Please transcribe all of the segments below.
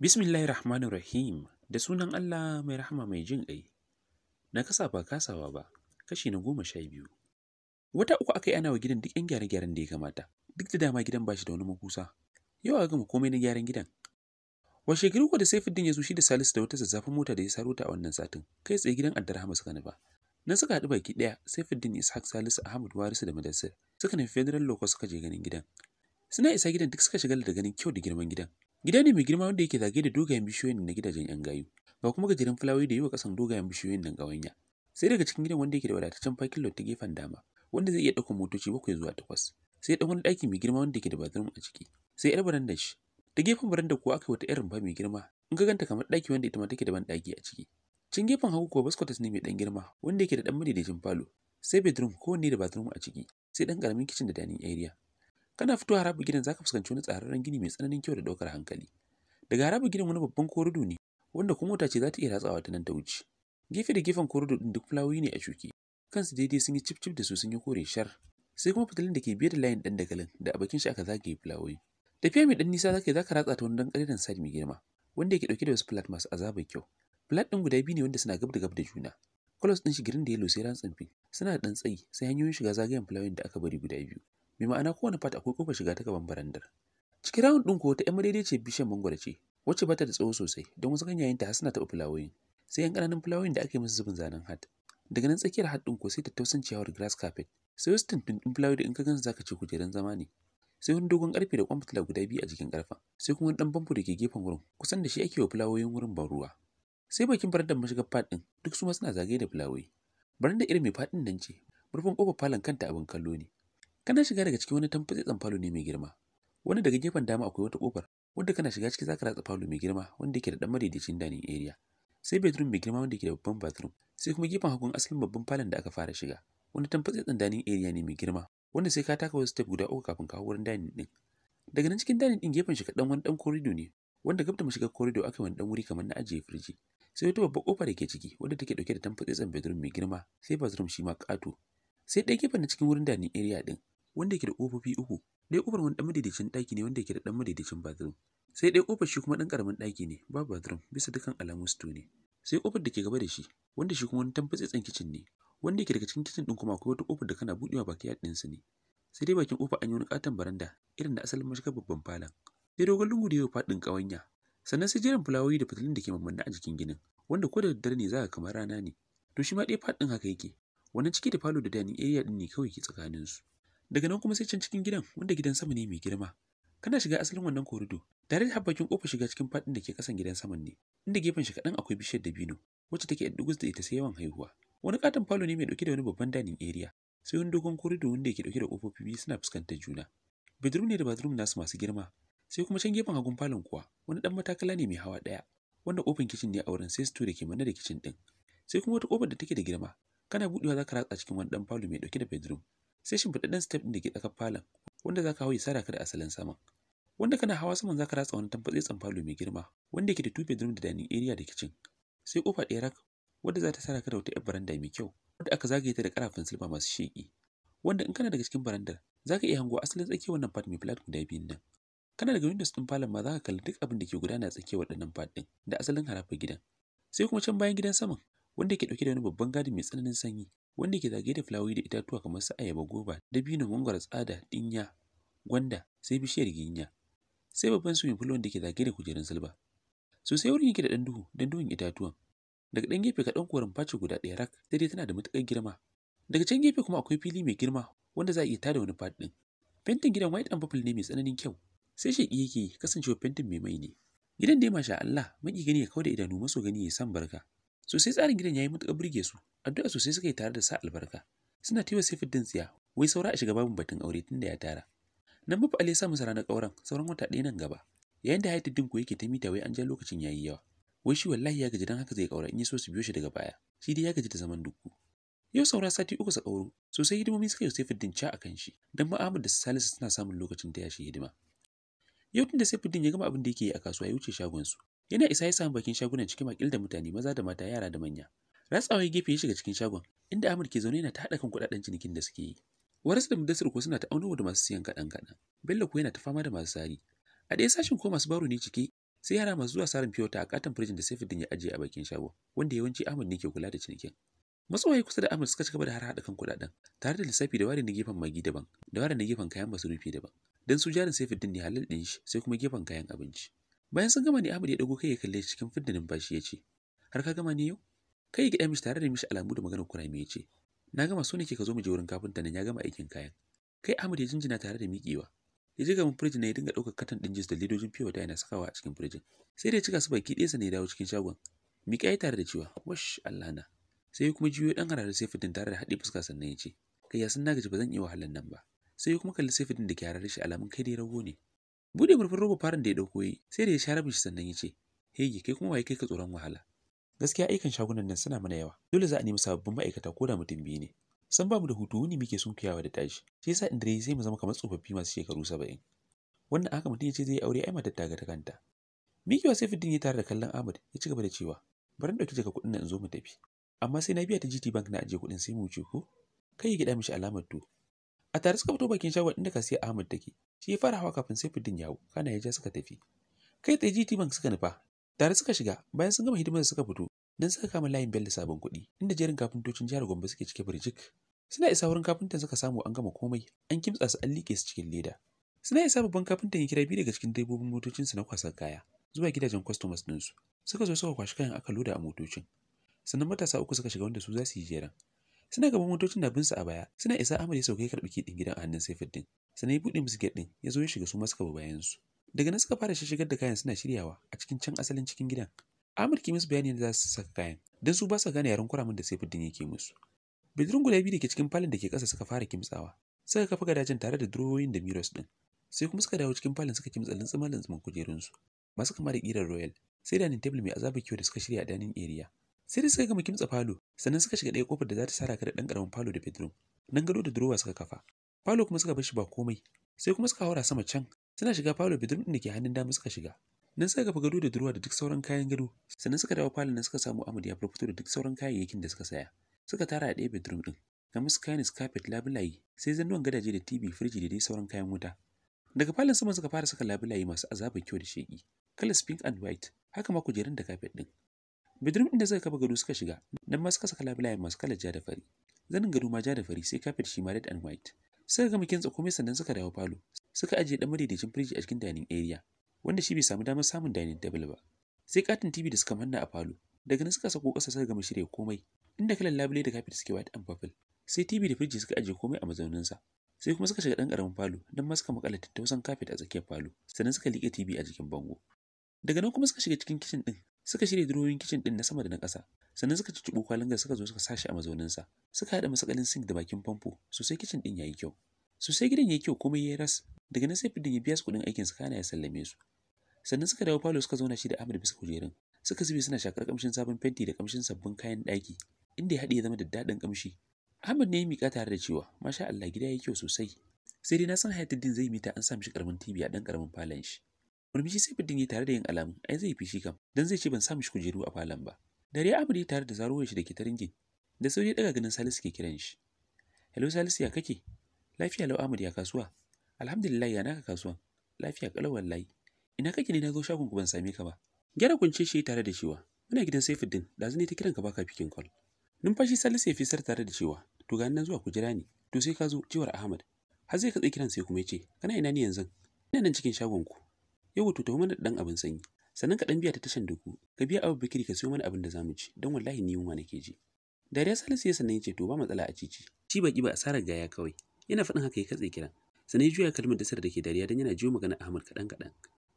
Bismillahir Rahmanir Rahim da sunan Allah mai rahama mai jin ƙai. Na kasa ba kasawa ba, kashi na goma sha biyu. Wata uku aka yi ana wa gidan duk 'yan gyare-gyaren da ya kamata, duk da dama gidan ba shi da wani makusa. Yau a gama komai na gyaran gidan. Washe gari da Saifuddin ya zo shi da Salisu da wata zazzafin mota da ya saro ta a wannan satin, kai tsaye gidan Abdurrahman suka nufa. Nan suka haɗu baki ɗaya Saifuddin Ishaq Salisu Ahmad Warisu da Madassir suka nufi Federal lokacin suka je ganin gidan. Suna isa gidan duk suka shigar da ganin kyau da girman gidan. Gida ne mai girma wanda yake zagaye da dogayen bishiyoyin na gidajen 'yan gayu, ba kuma gajeren fulawoyi da yi wa ƙasan dogayen bishiyoyin nan ƙawanya. Sai daga cikin gidan wanda yake da wadataccen fakin lot ta gefen dama, wanda zai iya ɗaukar motoci bakwai zuwa takwas. Sai ɗan wani ɗaki mai girma wanda yake da bathroom a ciki. Sai 'yar barandar shi. Ta gefen barandar kuwa aka yi wata 'yar rumfa mai girma, in ka ganta kamar ɗaki wanda ita ma take da ban ɗaki a ciki. Cin gefen hagu kuwa bascottas ne mai ɗan girma wanda yake da ɗan madaidaicin falo. Sai bedroom kowanne da bathroom a ciki, sai ɗan ƙaramin kicin da dining area. Kana fitowa harabin gidan zaka fuskanci wani tsararren gini mai tsananin kyau da ɗaukar hankali. Daga harabin gidan wani babban korido ne wanda kuma wata ce za ta iya ratsawa ta nan ta wuce. Gefe da gefen korido ɗin duk fulawoyi ne a shuke. Kansu daidai sun yi cif cif da su sun yi kore shar. Sai kuma fitilun da ke biye da layin ɗan dagalin da a bakin shi aka zagaye fulawoyi. Tafiya mai ɗan nisa zaka yi zaka ratsa ta wani ɗan ƙariran side mai girma wanda yake ɗauke da wasu flat masu azabar kyau. Blood ɗin guda biyu ne wanda suna gab da gab da juna. Colors ɗin shi girin da yellow sai ran tsinfi. Suna da ɗan tsayi sai hanyoyin shiga zagayen fulawoyin da aka bari guda biyu. Mai ma'ana kowane fata akwai kofar shiga ta gaban barandar. Cikin round ɗin ko ta ‘yan ce bishiyar mangwaro ce wacce ba ta da tsawo sosai don wasu ganyayen ta suna taɓa fulawoyin. Sai ‘yan ƙananan fulawoyin da aka yi musu zubin zanen hat. Daga nan tsakiyar hat ɗin ko sai tattausan ciyawar grass carpet. Sai wasu tuntuntun fulawoyi da in ka gansu za ka ce kujerun zama ne. sai wani dogon karfe da kwan fitila guda biyu a jikin karfen sai kuma wani dan famfo da ke gefen wurin kusan da shi ake wa fulawoyin wurin ban ruwa sai bakin barandar mashigar faɗin duk su ma suna zagaye da fulawai Baranda irin mai faɗin nan ce murfin kofar falon kanta abin kallo ne kana shiga daga cikin wani tamfatsitsen falo ne mai girma wani daga gefen dama akwai wata kofar wanda kana shiga ciki zaka ratsa falo mai girma wanda yake da dan madaidaicin dining area sai bedroom mai girma wanda yake da babban bathroom sai kuma gefen hagun asalin babban falon da aka fara shiga wani tsan dining area ne mai girma wanda sai ka taka wasu step guda uku kafin ka wurin dining din daga nan cikin dining din gefen shi kadan wani dan corridor ne wanda gab da mashigar corridor aka wani dan wuri kamar na ajiye firji sai ta babbar kofar da ke ciki wadda take dauke da tamfatsatsen bedroom mai girma sai bathroom shi ma kato sai ɗaya gefen na cikin wurin dining area din wanda yake da kofofi uku ɗaya kofar wani dan madaidaicin ɗaki ne wanda yake da dan madaidaicin bathroom sai ɗaya kofar shi kuma dan karamin ɗaki ne babu bathroom bisa dukkan alamu sto ne sai kofar da ke gaba da shi wanda shi kuma wani tamfatsatsen kitchen ne wanda yake daga cikin kitchen din kuma akwai wata kofar da kana buɗewa baki yaɗin su ne sai dai bakin kofa an yi wani katon baranda irin da asalin mashigar babban falon sai dogon lungu da yau faɗin ƙawanya sannan sai jerin fulawoyi da fitilun da ke mamanna a jikin ginin wanda ko da daddare ne za ka kamar rana ne to shi ma ɗaya fat ɗin haka yake wannan ciki da falo da dining area ɗin ne kawai ke tsakaninsu daga nan kuma sai can cikin gidan wanda gidan sama ne mai girma kana shiga asalin wannan korido tare da habbakin kofar shiga cikin faɗin da ke kasan gidan saman ne inda gefen shi kaɗan akwai bishiyar dabino wacce take ɗugus da ita sai yawan haihuwa wani katon falo ne mai ɗauke da wani babban dining area sai wani dogon korido wanda yake ɗauke da ƙofofi biyu suna fuskantar juna bedroom ne da bathroom nasu masu girma sai kuma can gefen hagun falon kuwa wani dan matakala ne mai hawa daya wanda kofin kicin ne a wurin sai da ke mana da kicin din sai kuma wata kofar da take da girma kana budewa zaka ratsa cikin wani dan falo mai dauke da bedroom sai shimfiɗaɗɗen step din da ke tsakar falon wanda zaka hau ya ka da asalin saman wanda kana hawa saman zaka ratsa wani tambatse tsan falo mai girma wanda yake da two bedroom da dining area da kicin sai kofa ɗaya rak wanda za ta sara ka da wata ƴar baranda mai kyau wanda aka zagaye ta da karafin silba masu sheƙi wanda in kana daga cikin barandar zaka iya hango asalin tsakiyar wannan fat mai flat guda biyun nan kana daga windows ɗin falon ma za ka kalli duk abin da ke gudana tsakiyar waɗannan fat din da asalin harafin gidan sai kuma can bayan gidan saman wanda ke dauke da wani babban gadi mai tsananin sanyi wanda ke zagaye da fulawoyi da itatuwa kamar su ayaba goba dabino mangwaro tsada dinya gwanda sai bishiyar ginya sai babban swimming pool wanda ke zagaye da kujerun silba sosai wurin yake da ɗan duhu dan duhun itatuwan daga ɗan gefe kaɗan koren face guda ɗaya rak sai dai tana da matuƙar girma daga can gefe kuma akwai fili mai girma wanda za a iya tada wani fat ɗin fentin gidan white and purple ne mai tsananin kyau sai shi yake kasancewa fentin mai mai ne gidan dai masha Allah maki gani ya da idanu maso gani ya san barka sai tsarin gidan yayi mutuƙar burge su addu'a sosai suka yi tare da sa albarka suna sai fiddin tsiya wai saura a shiga babin batun aure tun da ya tara nan bafa Ali ya sa masa ranar ƙauren sauran wata ɗaya nan gaba yayin da Haiduddin ko yake ta mita wai an ja lokacin yayi yawa wai shi wallahi ya gaji dan haka zai ƙaura in ya so su biyo shi daga baya shi dai ya gaji da zaman dukku yau saura sati uku sa ƙauro sosai hidimomi suka yi fiddin ca a kan shi don ma'amud da Salisu suna samun lokacin da shi hidima Yau tun da Saifuddin ya gama abin da yake yi a kasuwa ya wuce shagonsu. Yana isa ya samu bakin shagunan cikin makil da mutane maza da mata yara da manya. Ratsawa ya gefe ya shiga cikin shagon inda Ahmad ke zaune yana ta haɗa kan kuɗaɗen cinikin da suke yi. Warasu da Mudassir ko suna ta auno da masu siyan kaɗan kaɗan. Bello ko yana ta fama da masu sari. A ɗaya sashin ko masu baro ne cike sai yara masu zuwa sarin fiyota a katon firjin da Saifuddin ya ajiye a bakin shagon wanda yawanci Ahmad ne ke kula da cinikin. matsawaye kusa da amur suka ci gaba da harhaɗa kan kuɗaɗen tare da lissafi da ware na gefen magi daban da ware na gefen kayan masarufi daban don su jarin sai fiddin ne halal ɗin shi sai kuma gefen kayan abinci bayan sun gama ne amur ya ɗago kai ya kalle cikin fidda numfashi ya ce har ka gama ne yau kai ya gida mishi tare da mishi alamu da maganar kurame ya ce na gama so ke ka zo mu je wurin kafinta nan ya gama aikin kayan kai amur ya jinjina tare da miƙewa ya ji gaban firjin ya dinga ɗaukar katon ɗin jis da ledojin fiye da yana sakawa a cikin firjin sai da ya cika su baki ɗaya ne ya dawo cikin shagon miƙa ya tare da cewa wash allah na sai kuma jiyo dan hararin Saifuddin tare da haɗe fuska sannan ya ce kai ya san na gaji ba zan iya wahalan nan ba sai kuma kalli Saifuddin da ke shi alamun kai dai rago ne bude murfin roba farin da ya dauko yi sai da ya share shi sannan ya ce hege kai kuma waye kai ka tsoron wahala gaskiya aikan shagunan nan suna mana yawa dole za a nemi sababbin ma'aikata ko da mutum biyu ne san ba mu da hutu wuni muke sunkuyawa da tashi shi yasa indire sai mu zama kamar tsofaffi masu shekaru saba'in wannan aka mutum ya ce zai aure ai matar ta ga ta kanta saifuddin ya tare da kallon ahmad ya ci gaba da cewa bari ɗauki daga kuɗin nan in zo mu tafi amma sai na biya ta GT Bank na ajiye kuɗin sai mu wuce ko? Kai ya gida mishi alamar to. A tare suka fito bakin shagon inda Kasiya Ahmad take. Shi ya fara hawa kafin sai fidin yawo, kana ya ja suka tafi. Kai tsaye GT Bank suka nufa. Tare suka shiga, bayan sun gama hidimar suka fito, dan suka kama layin bel da sabon kuɗi, inda jerin kafintocin jihar Gombe suke cike birjik. Suna isa wurin kafintan suka samu an gama komai, an kimtsa su an liƙe su cikin leda. Suna isa babban kafintan ya kira biyu daga cikin daibobin motocinsu na kwasar kaya, zuwa gidajen kwastomas ɗinsu. Suka zo suka kwashi kayan aka loda a motocin. sannan matasa uku suka shiga wanda su za su yi jeren suna gaban motocin da binsu a baya suna isa Ahmad ya sauka ya karɓi kiɗin gidan a hannun Saifuddin sannan ya buɗe musu gate ɗin ya zo ya shiga su ma suka bi bayan su daga nan suka fara shigar da kayan suna shiryawa a cikin can asalin cikin gidan Ahmad ki musu bayani da za su saka kayan don su ba su gane yaren kuramin da Saifuddin yake musu bidirin guda biyu da ke cikin falon da ke ƙasa suka fara kimtsawa suka kafa gadajen tare da durowoyin da miros ɗin sai kuma suka dawo cikin falon suka kimtsa lintsima lintsiman kujerunsu masu kama da ƙirar royal sai dining table mai azabar kyau da suka shirya a dining area sai da suka gama kimtsa falo sannan suka shiga ɗaya kofar da za ta sara ka da ɗan ƙaramin falo da bedroom nan gado da durowa suka kafa falo kuma suka bar ba komai sai kuma suka haura sama can suna shiga falo bedroom ɗin da ke hannun dama suka shiga nan suka kafa gado da durowa da duk sauran kayan gado sannan suka dawo falon nan suka samu amadu ya fito da duk sauran kayayyakin da suka saya suka tara a ɗaya bedroom ɗin kamar su kayan carpet labulaye sai zannuwan gadaje da tv firji da dai sauran kayan wuta daga falon sama suka fara saka labulaye masu azabar kyau da sheki kalas pink and white haka ma kujerun da carpet ɗin bedroom inda suka kafa gado suka shiga dan ma suka saka labulayen masu kalar ja da fari zanin gado ma ja da fari sai kafet shi ma red and white suka gama kintsa komai sannan suka dawo falo suka ajiye dan madaidaicin firiji a cikin dining area wanda shi bai samu damar samun dining table ba sai katin TV da suka manna a falo daga nan suka sako kasa suka gama shirya komai inda kalan labule da kafet suke white and purple sai TV da firiji suka ajiye komai a mazaunin sa sai kuma suka shiga dan karamin falo dan ma suka makala tattausan kafet a tsakiyar falo sannan suka liƙe TV a jikin bango daga nan kuma suka shiga cikin kitchen din suka shirya durowin kicin ɗin na sama da na ƙasa sannan suka cicci bokalin kwalangar suka zo suka sashi a mazauninsa suka haɗa masakalin sink da bakin famfo sosai kicin ɗin yayi kyau sosai gidan yayi kyau komai yayi ras daga nan sai fidin ya biya su kuɗin su kana ya sallame su sannan suka dawo falo suka zauna shi da Amadu bisa kujerun suka zube suna shakar kamshin sabon fenti da kamshin sabbin kayan ɗaki inda ya haɗe ya zama da daɗin kamshi Ahmad ne ya miƙa tare da cewa masha Allah gida yayi kyau sosai sai dai na san Hayatuddin zai mita an sa mishi karamin TV a dan karamin falon Murmushi sai bidin yi tare da yin alamu, ai zai fishi kam, don zai ce ban sa shi kujeru a falon ba. Dare Amri tare da zaruwar shi da ke taringin, da sauri daga ganin Salisu ke kiran shi. Hello Salisu ya kake? Lafiya lau Amri ya kasuwa? Alhamdulillah ya naka kasuwa. Lafiya kalau wallahi. Ina kake ne na zo shagon ku ban same ka ba. Gyara kunce shi tare da cewa, muna gidan Saifuddin, da zan ta kiran ka baka fikin kwal. Numfashi Salisu ya fisar tare da cewa, to ga nan zuwa ku jira ni, to sai ka zo ciwar Ahmad. Har zai tsaye kiran sai kuma ya ce, kana ina ni yanzu? Ina nan cikin shagon ku. yau to ta mana da ɗan abin sanyi sannan ka dan biya ta tashan duku ka biya abu bikiri ka siyo mana abin da zamu ci don wallahi ni yunwa nake ji dariya salisu ya sannan ya ce to ba matsala a cici ci baki ba asarar gaya kawai yana faɗin haka ya katse kiran sannan ya juya kalmar dasar da ke dariya don yana jiwo magana ahmad kaɗan kaɗan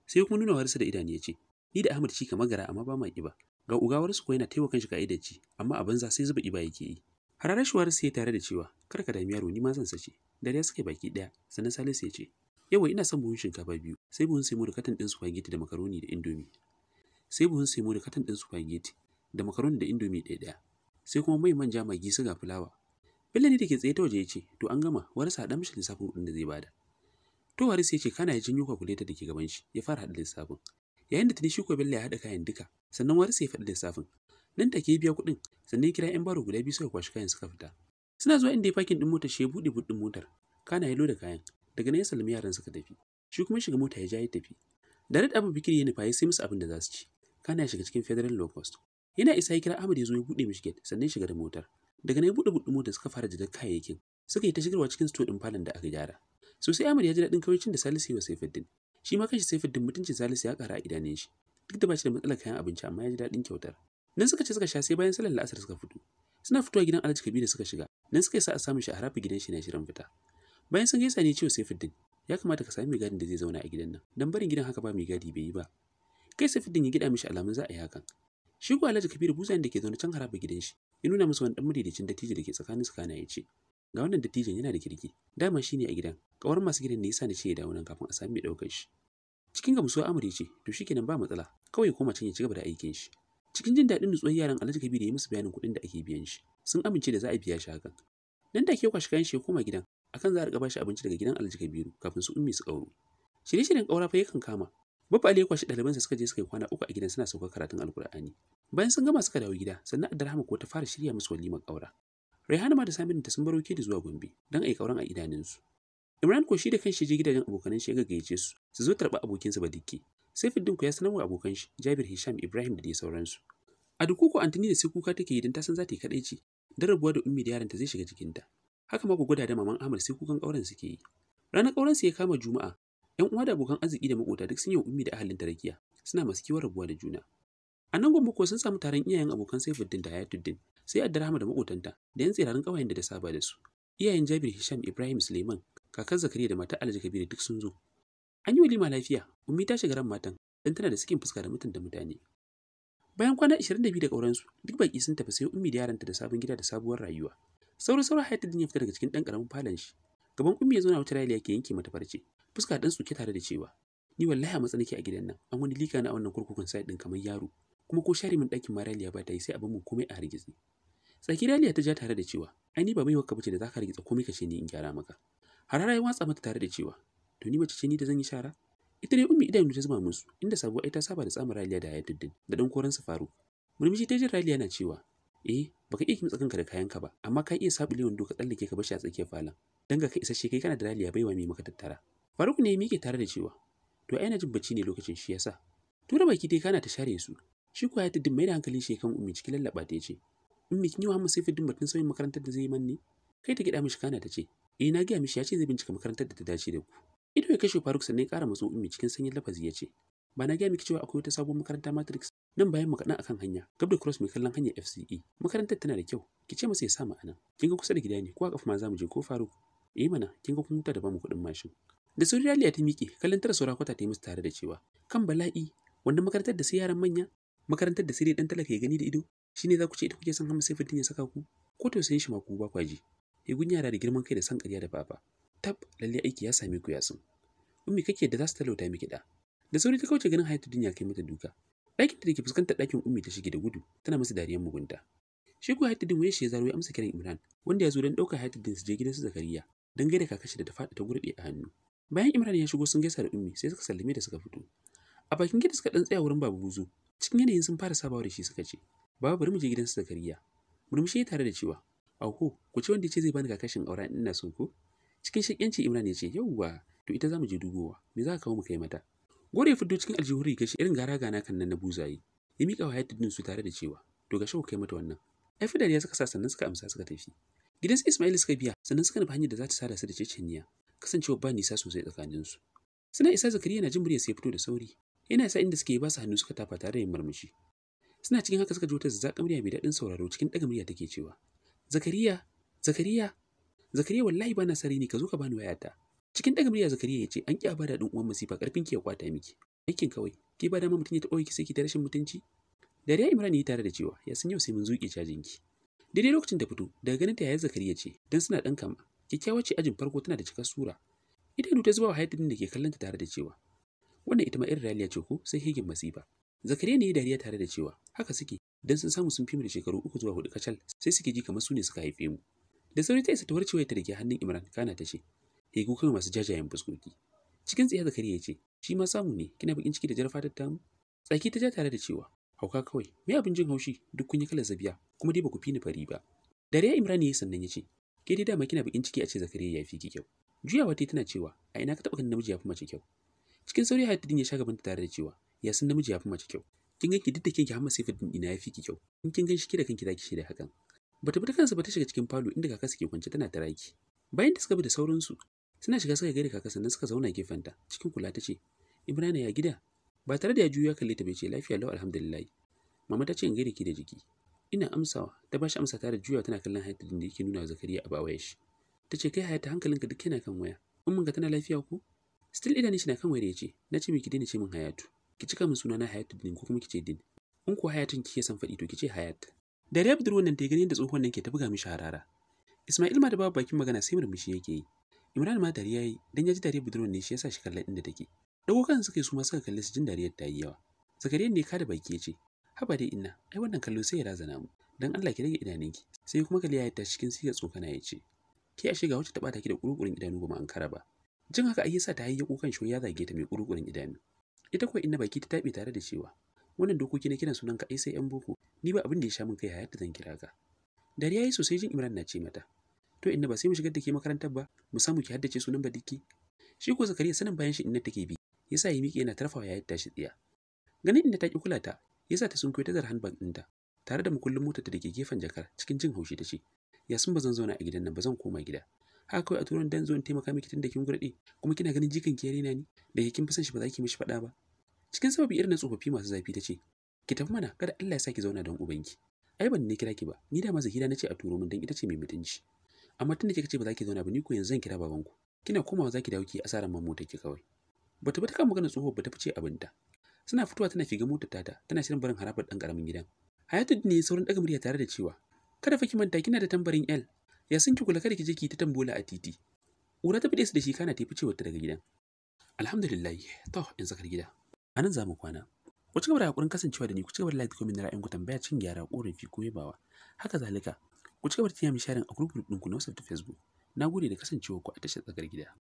sai kuma nuna warsa da idanu ya ce ni da ahmad ci kamar gara amma ba ma ƙiba ga ugawarsu ko yana taimakon shi ka'idar ci amma a banza sai zuba ƙiba yake yi hararar shuwar sai tare da cewa kar ka dami yaro ni ma zan sace dariya suka baki ɗaya sannan salisu ya ce Yawa ina son buhun shinkafa biyu, sai buhun semo da katon ɗin supageti, da makaroni da indomi. Sai buhun semo da katon ɗin spaghetti da makaroni da indomi ɗaya ɗaya. Sai kuma mai manja magi ga fulawa. Bello ne da ke tsaye ta waje ya ce, to an gama, wani sa mishi lissafin kuɗin da zai bada. To Waris ya ce kana yajin janyo kwakuleta da ke gaban shi, ya fara haɗa lissafin. Yayin da tuni shi ko Bello ya haɗa kayan duka, sannan wari sai ya faɗi lissafin. Nan take biya kuɗin, sannan kira 'yan baro guda biyu suka kwashi kayan suka fita. Suna zuwa inda ya fakin ɗin motar shi ya buɗe motar, kana ya loda kayan, daga nan ya sallami yaran suka tafi shi kuma shiga mota ya ja ya tafi da rid abu bikiri ya nufa ya sai musu abin da za su ci kana ya shiga cikin federal low cost yana isa ya kira ahmad ya zo ya buɗe mishi gate sannan ya shiga da motar daga nan ya buɗe buɗe motar suka fara jidar kayayyakin suka yi ta shigarwa cikin store din falon da aka gyara sosai ahmad ya ji daɗin kawaicin da salisu wa saifuddin shi ma kanshi saifuddin mutuncin salisu ya ƙara a idanun shi duk da ba shi da matsalar kayan abinci amma ya ji daɗin kyautar nan suka ce suka sha sai bayan sallar la'asar suka fito suna fitowa gidan alhaji kabiru suka shiga nan suka sa sa'a samun shi a harafin gidan shi na shirin fita bayan sun gaisa ne ciwo saifuddin ya kamata ka sami gadin da zai zauna a gidan nan dan barin gidan haka ba mai gadi bai yi ba kai saifuddin ya gida mishi alamun za a yi hakan shi ko alhaji kabiru buzayen da ke zaune can haraba gidan shi ya nuna musu wani dan madidicin dattijo da ke tsakanin su kana ya ce ga wannan dattijon yana da kirki dama shine a gidan kawar masu gidan ne yasa sani ce ya dawo nan kafin a sami mai daukar shi cikin gamsuwa amuri ce to shikenan ba matsala kawai koma can ya ci gaba da aikin shi cikin jin daɗin nutsuwar yaran alhaji kabiru ya musu bayanin kuɗin da ake biyan shi sun amince da za a biya shi hakan nan da ke kwashi kayan shi ya koma gidan akan za a riƙa shi abinci daga gidan Alhaji Kabiru kafin su ummi su ƙauro. Shirye-shiryen ƙaura fa yakan kama. Babba Ali ya kwashi ɗalibansa suka je suka yi kwana uku a gidan suna sauka karatun Alƙur'ani. Bayan sun gama suka dawo gida, sannan Abdulrahman ko ta fara shirya musu walimar ƙaura. Raihana ma da Saminu ta sun baro da zuwa Gombe don a yi ƙauran a idanunsu. Imran ko shi da kanshi je gidajen abokanan shi ya gayyace su, su zo tarba abokinsa Badiki. Saifuddin ku ya sanar wa abokan shi, Jabir Hisham Ibrahim da dai sauransu. A dukuku Antini da sai kuka take yi don ta san za ta yi Dan rabuwa da ummi da yaranta zai shiga jikinta. haka ma ku gwada da maman Ahmad sai kukan ƙauren suke yi. Ranar ƙauren su ya kama Juma'a, ‘yan uwa da abokan arziki da maƙota duk sun yi ummi da ahalin tarakiya, suna masu kiwon rabuwa da juna. A nan gwamma ko sun samu taron iyayen abokan Saifuddin da Hayatuddin, sai Addarahama da maƙotanta da ‘yan tsirarin ƙawayen da ta saba da su. Iyayen Jabir Hisham Ibrahim Suleiman, kakan Zakariya da matar Alhaji Kabiru duk sun zo. An yi walima lafiya, ummi ta shiga ran matan, dan tana da sikin fuska da mutunta mutane. Bayan kwana 22 da ƙauransu, duk baƙi sun tafi sai ummi da yaranta da sabon gida da sabuwar rayuwa. sauri sauri hayat din ya fita daga cikin dan karamin falon shi gaban ummi ya zo na wata rayuwa yake yanke mata farce fuska dan suke tare da cewa ni wallahi a matsanake a gidan nan an wani lika na wannan kurkukun sai din kamar yaro kuma ko share min dakin maraliya ba ta yi sai abin mun komai a hargitsi tsaki raliya ta ja tare da cewa ai ni ba mai ka bace da zaka hargitsa komai kashe ni in gyara maka harara ya watsa mata tare da cewa to ni mace ce ni da zan yi shara ita ne ummi idanu ta zama musu inda sabuwa ita ta saba da tsamar raliya da da dan koran faru murmushi ta jin raliya na cewa eh baka iya kimtsa kanka da kayanka ba amma ka iya sabu wando ka tsallake ka bashi a tsakiyar falon dan ga isa shi kai kana da raliya baiwa mai maka tattara faruk ne mike tare da cewa to ai na jin bacci ne lokacin shi yasa tura baki dai kana ta share su shi kuwa ya tuddin mai da hankali shi kan ummi cikin lallaba ta ce ummi kin yi wa hamma sai fiddin batun sauyin makarantar da zai yi manne kai ta gida mishi kana ta ce eh na gaya mishi ya ce zai bincika makarantar da ta dace da ku ido ya kashe faruk sannan ya kara matso ummi cikin sanyin lafazi ya ce ba na gaya miki cewa akwai wata sabon makaranta matrix nan bayan mu akan hanya gabda cross mai kallon hanyar fce makarantar tana da kyau ki ce masa ya sa ma'ana kin ga kusa da gida ne ko a kafa mu je ko faru? eh mana kin ga kun da bamu kuɗin mashin da sauri raliya ta miƙe kallon tara saura kwata ta yi musu tare da cewa kan bala'i wanda makarantar da sai yaran manya makarantar da sai dai dan talaka ya gani da ido shine za ku ce ita kuke son hamsa fitin ya saka ku ko tausayin shi ma ku ba kwaji ya gun yara da girman kai da san ƙarya da baba tab lalle aiki ya same ku yasin ummi kake da za su talauta miki da da sauri ta kauce ganin hayatu dunya kai mata duka ɗakin da ke fuskantar ɗakin ummi ta shige da gudu tana masa dariyar mugunta shi kuwa hayattudin waye shi ya zaro ya amsa kiran imran wanda ya zo don ɗaukar hayattudin su je gidan su zakariya don gaida kakashi da ta faɗi ta gurɗe a hannu bayan imran ya shigo sun gaisa da ummi sai suka sallame da suka fito a bakin gida suka ɗan tsaya wurin babu buzu cikin yanayin sun fara sabawa da shi suka ce babu bari mu je gidan su zakariya murmushi ya tare da cewa auho ku ce wanda ya ce zai bani kakashin aura ina son ku?" cikin shakiyanci imran ya ce yauwa to ita za mu je dubowa me za ka kawo mu kai mata Gore ya fito cikin aljihuri riga irin gara gana kan nan na buzaye. Ya mika wa Hayatul su tare da cewa, to gashi shau kai mata wannan. Afidar ya suka sa sannan suka amsa suka tafi. Gidan su Ismail suka biya sannan suka nufi hanyar da za ta sada su da Ceceniya, kasancewa ba nisa sosai tsakaninsu. Suna isa Zakariya na jin murya sai fito da sauri. Yana isa inda suke ba su hannu suka tafa tare da murmushi. Suna cikin haka suka ji wata zazzaƙa murya mai daɗin sauraro cikin ɗaga murya take cewa, Zakariya, Zakariya, Zakariya wallahi bana sare ka zo ka bani wayata. cikin daga murya zakariya ya ce an ƙi a bada ɗin uwan masifa ƙarfin ki ya kwata miki aikin kawai ki ba dama mutum ya taɓa ki sai ki ta rashin mutunci dariya imran yi tare da cewa ya san yau sai mun zuƙe cajin ki daidai lokacin da fito daga ganin ta yayin zakariya ce dan suna ɗan kama kyakkyawa ce ajin farko tana da cikar sura ita ta zuba wa hayatin da ke kallon ta tare da cewa wannan ita ma irin raliya ce ko sai higin masifa zakariya ne ya dariya tare da cewa haka suke dan sun samu sun fi mu da shekaru uku zuwa hudu kacal sai suke ji kamar su ne suka haife mu da sauri ta isa ta warce da ke hannun imran kana ta ce ya eh, ku kawai masu jajayen fuskoki cikin tsaye zakari ya ce shi ma samu ne kina bakin ciki da jar fatar tamu tsaki ta ja tare da cewa hauka kawai me abin jin haushi duk kun yi kala zabiya kuma dai ba ku fi ni fari ba ya imrani ya sannan ya ce ke dai dama kina bakin ciki a ce Zakariya ya fi ki kyau juyawa ta tana cewa a ina ka taba kan namiji ya fi mace kyau cikin sauri din ya sha gaban ta tare da cewa ya san namiji ya fi mace kyau kin ganki duk da kinki har masifatin ina ya fi ki kyau in kin ganshi ki da kanki zaki hakan bata bi kansa ba ta shiga cikin falo inda kaka suke kwance tana taraki bayan da suka bi da sauransu suna shiga suka gaida kaka sannan suka zauna gefenta cikin kula ta ce ibrahim ya gida ba tare da ya juya ya kalle ta bai ce lafiya lau alhamdulillah mama ta ce in gaida ki da jiki ina amsawa ta bashi amsa tare da juyawa tana kallon hayata da yake nuna zakariya a bawayar shi ta ce kai hayata hankalinka duk yana kan waya umman ka tana lafiya ko still idan shi na kan waya da ce. na ce miki daina ce min hayatu ki cika min suna na hayatu din ko kuma ki ce din in ko hayatun ke san faɗi to ki ce hayat da riyab wannan nan ta gani da tsohon nan ke ta buga mishi harara Ismail ma da babu bakin magana sai murmushi yake yi. Imran ma tari yayi dan ya ji tare budurwar ne shi yasa shi kallon inda take. Dago kan suka yi su ma suka kalli su jin dariyar ta yi yawa. Zakariyan ne da baki ya ce, "Haba dai ina, ai wannan kallo sai ya razana mu. Dan Allah ki rage idanunki." Sai kuma Kali ya tashi cikin sigar tsokana ya ce, "Ki a shiga wacce ta bata ki da kurukurin idanu ba mu ankara ba." Jin haka ai yasa ta yi kukan shi ya zage ta mai kurukurin idanu. Ita kuwa inna baki ta tabe tare da cewa, "Wannan dokoki na kiran sunan ka ai sai 'yan boko. Ni ba abin da ya sha min kai hayar zan kira ka." Dariya yi sosai jin Imran na ce mata, to inna ba sai mu shigar da ke makarantar ba mu samu ki haddace sunan badiki shi ko zakariya sanin bayan shi inna take bi yasa ya miƙe yana tarfawa yayin tashi tsiya ganin inda ta ki kula ta yasa ta sunkuyo ta zarhan ban ɗinta tare da mukullin motar ta dake gefen jakar cikin jin haushi ta ce ya ba zan zauna a gidan nan ba zan koma gida haka kawai a turan dan zo in taimaka miki tun kin gurɗe kuma kina ganin jikin ki na ni da kin fi son shi ba za ki mishi faɗa ba cikin sababi irin na tsofaffi masu zafi ta ce ki tafi mana kada Allah ya sa ki zauna don ubanki ai ban ne kira ki ba ni da mazahira nace a turo min dan ita ce mai mutunci amma tunda kika ce ba za ki zauna ba ni ko yanzu zan kira babanku kina komawa za ki dawo ki asaran man motar ki kawai bata bata kan magana tsoho bata fice ta suna fitowa tana shiga motar tata tana shirin barin harafar dan karamin gidan hayatu ne saurin daga murya tare da cewa kada fa ki manta kina da tambarin L ya san ki kula kada ki je ki ta tambola a titi ura ta fide su da shi kana ta cewa ta daga gidan alhamdulillah to in zakar gida anan zamu kwana ku cigaba da hakurin kasancewa da ni ku cigaba da like comment da ra'ayin tambaya cin gyara korafi ko yabawa haka zalika Ku ci gaba da taya mu sharing a group ɗinku na WhatsApp da Facebook. Na gode da kasancewa ku a tashar tsakar gida.